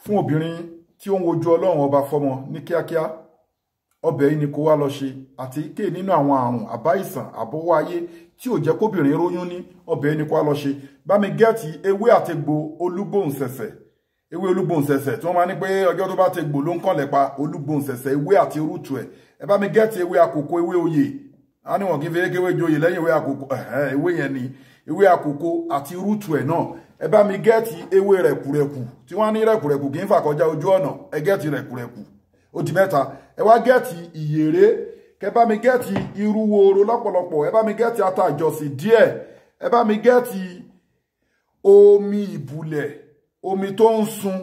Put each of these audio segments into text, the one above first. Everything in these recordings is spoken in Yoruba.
fún obìnrin tí ó ń wojú ọlọ́run ọba fọ́mọ ní kíákíá ọbẹ̀ yìí ni kó wá lọ ṣe àti ike nínú àwọn àrùn àbá ìsàn àbówó ayé tí ò jẹ́ kóbìnrin róyún ní ọbẹ̀ yìí ni kó wá lọ ṣe bá mi gẹ́ẹ̀tì ewé àtegbò olúgbòǹsẹ̀sẹ̀ ewé olúgbòǹsẹ̀sẹ̀ tí wọ́n máa ní pé ọjọ́ tó bá ti gbò ló ń kànlẹ̀ pa olúgbòǹsẹ̀sẹ̀ ewé àti orútu ẹ̀ ẹ bá mi gẹ́ẹ̀tì ewé àkókò ewé oyè a ní wọn kì fi ewé joyè lẹ́yìn ewé àkókò ewé yẹn ni ewé àkókò àti orútu ẹ̀ náà ẹ bá mi gẹ́ẹ̀tì ewé rẹ̀kùrẹ̀kù tí wọ́n ní rẹ̀kùrẹ̀kù kì í fà kọjá ojú ọ̀nà ẹ gẹ́ẹ̀tì rẹ̀kùrẹ̀kù ó di mẹ́ta ẹ wá gẹ́ẹ̀tì ìyèrè kẹ bá mi gẹ́ẹ̀tì irú wooro lọ́pọ̀lọpọ̀ ẹ bá mi gẹ́ẹ̀tì ata díẹ̀ ẹ bá mi gẹ́ẹ̀tì omi ìbùlẹ̀ omi tó ń sun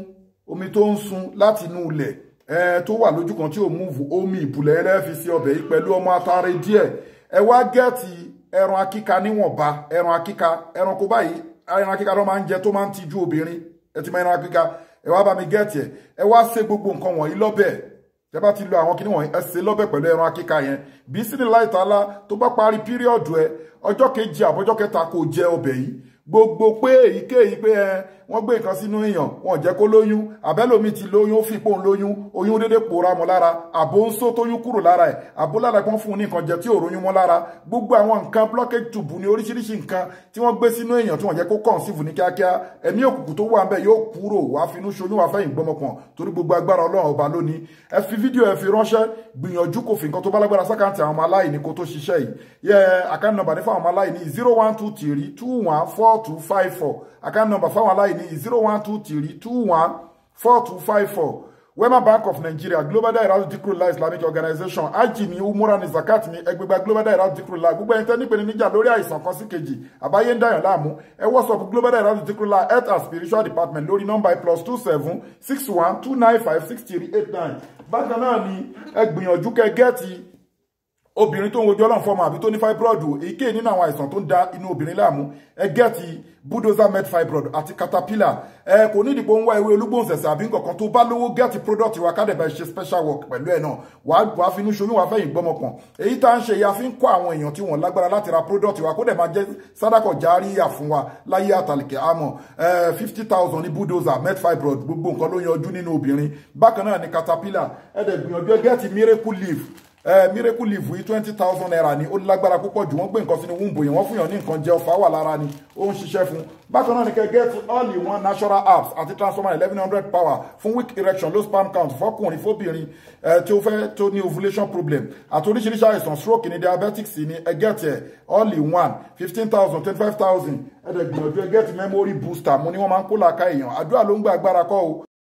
omi tó ń sun láti inú ilẹ̀ ẹ tó wà lójú kan tí ò múùfù omi ìbùlẹ̀ ẹ lẹ́ẹ̀ fi sí ọbẹ̀ yìí pẹ̀lú ọmọ atare díẹ̀ ẹ wá gẹ́ẹ̀tì ẹran akíka níwọ̀nba ẹran akíka ẹranko báyìí ẹran kíkà tó máa ń jẹ tó máa ń tijú obìnrin ẹ ti mọ ẹran kíkà ẹ wá bá mi gẹ́ẹ̀tì ẹ ẹ wá ṣe gbogbo nǹkan wọ̀nyí lọ́bẹ̀ tẹ bá ti lo àwọn kíní wọ̀nyí ẹ ṣe lọ́bẹ̀ pẹ̀lú ẹran kíkà yẹn bí sínú láìta lá tó bá parí píríọ̀dù ẹ ọjọ́ kejì àbọ̀jọ́ kẹta kò jẹ ọbẹ̀ yìí gbogbo pé èyíkéyìí pé ẹ wọ́n gbé nǹkan sínú èèyàn wọn ò jẹ́ kó lóyún àbẹ́lòmí ti lóyún ó fi pòun lóyún oyún dédé pòórá mọ́ lára àbó ń só tóyún kúrò lára ẹ̀ àbó lára kan fún un ní nǹkan jẹ tí ò róyún mọ́ lára gbogbo àwọn nǹkan blockage tube ní oríṣiríṣi nǹkan tí wọ́n gbé sínú èèyàn tí wọ́n jẹ́ kó conceive ní kíákíá ẹ̀mí òkùnkùn tó wà ńbẹ̀ yóò kúrò wá finú ṣoyún àfẹ́yìn gbọmọpọ̀n torí gbogbo agbára ọlọ́run ọba lónìí ẹ fi fídíò ẹ fi ránṣẹ́ gbìyànjú kò fi nǹkan tó bá lágbára sákàǹtì àwọn ọmọ aláìní kó tó ṣiṣẹ́ yìí yẹ àkáǹtì nọ́mbà ọmọ aláìní zero one two three two one four four two five four account number fáwọn aláìní zero one two three two one four two five four wema bank of nigeria global dahiratu dhikrlahi islamic organization hajj ni umura ni zakat ni ẹgbẹgba global dahiratu dhikrlahi gbogbo ẹni tẹ́ nípe ni níjà lórí àìsàn kan sí kejì àbáyé ń dàyàn láàmú ẹ wọ́sọ̀pù global dahiratu dhikrlahi health and spiritual department lórí nọ́mbà plus two seven six one two nine five six three eight nine bákan náà ni ẹ gbìyànjú kẹ́ gẹ́ẹ̀tì obìnrin tó ń wojú ọlọ́run fọmọ àbí tó ní fibroid èyíkéyìí nínú àwọn àìsàn tó ń da inú obìnrin láàmú ẹ gẹ́ẹ̀tì bulldozer med fibroid àti caterpillar ẹ kò ní ìdìbò ń wá ewé olúgbòǹsẹ̀sẹ̀ àbí nǹkankan tó bá lówó gẹ́ẹ̀tì product wa kádẹ́bà ṣe special work pẹ̀lú ẹ̀ náà wàá wàá fi inú ṣoyún wàá fẹ́yìn gbọ́mọ pọ̀n èyí tá ń ṣe ya fi ń kọ́ àwọn èèyàn tí wọ́n lágbára láti ra product wa kó dẹ̀ máa jẹ́ sádàkọ̀ járíyà fún wa láyé àtàlìkẹ́ àmọ́ fifty thousand ní bulldozer med fibroid gbogbo nǹkan ló yanjú nínú obìnrin bákan náà ni caterpillar ẹ̀ dẹ̀ gbìyànjú gẹ́ẹ̀tì miracle leaf miracle leaf yìí twenty thousand naira ni ó lágbára púpọ̀ jù wọ́n gbé nǹkan sínú wúńbò yẹn wọ́n fún yàn ní nǹkan jẹ ọ̀fà wà lára ni ó ń ṣiṣẹ́ fún bákan náà ni kẹ́ get all in one natural apps àti transformer eleven hundred power fún weak erection low sperm count fọkùnrin fóbìnrin tí ó fẹ́ tó ní ovulation problem àti oríṣiríṣi àìsàn stroke ni diabetics ni ẹ get ẹ all in one fifteen thousand twenty five thousand ẹ̀ẹ́dẹ̀gbìyànjú ẹ get memory booster mo ní wọ́n máa ń kó làákà èèyàn àdúrà ló ń gba agbára kọ́ o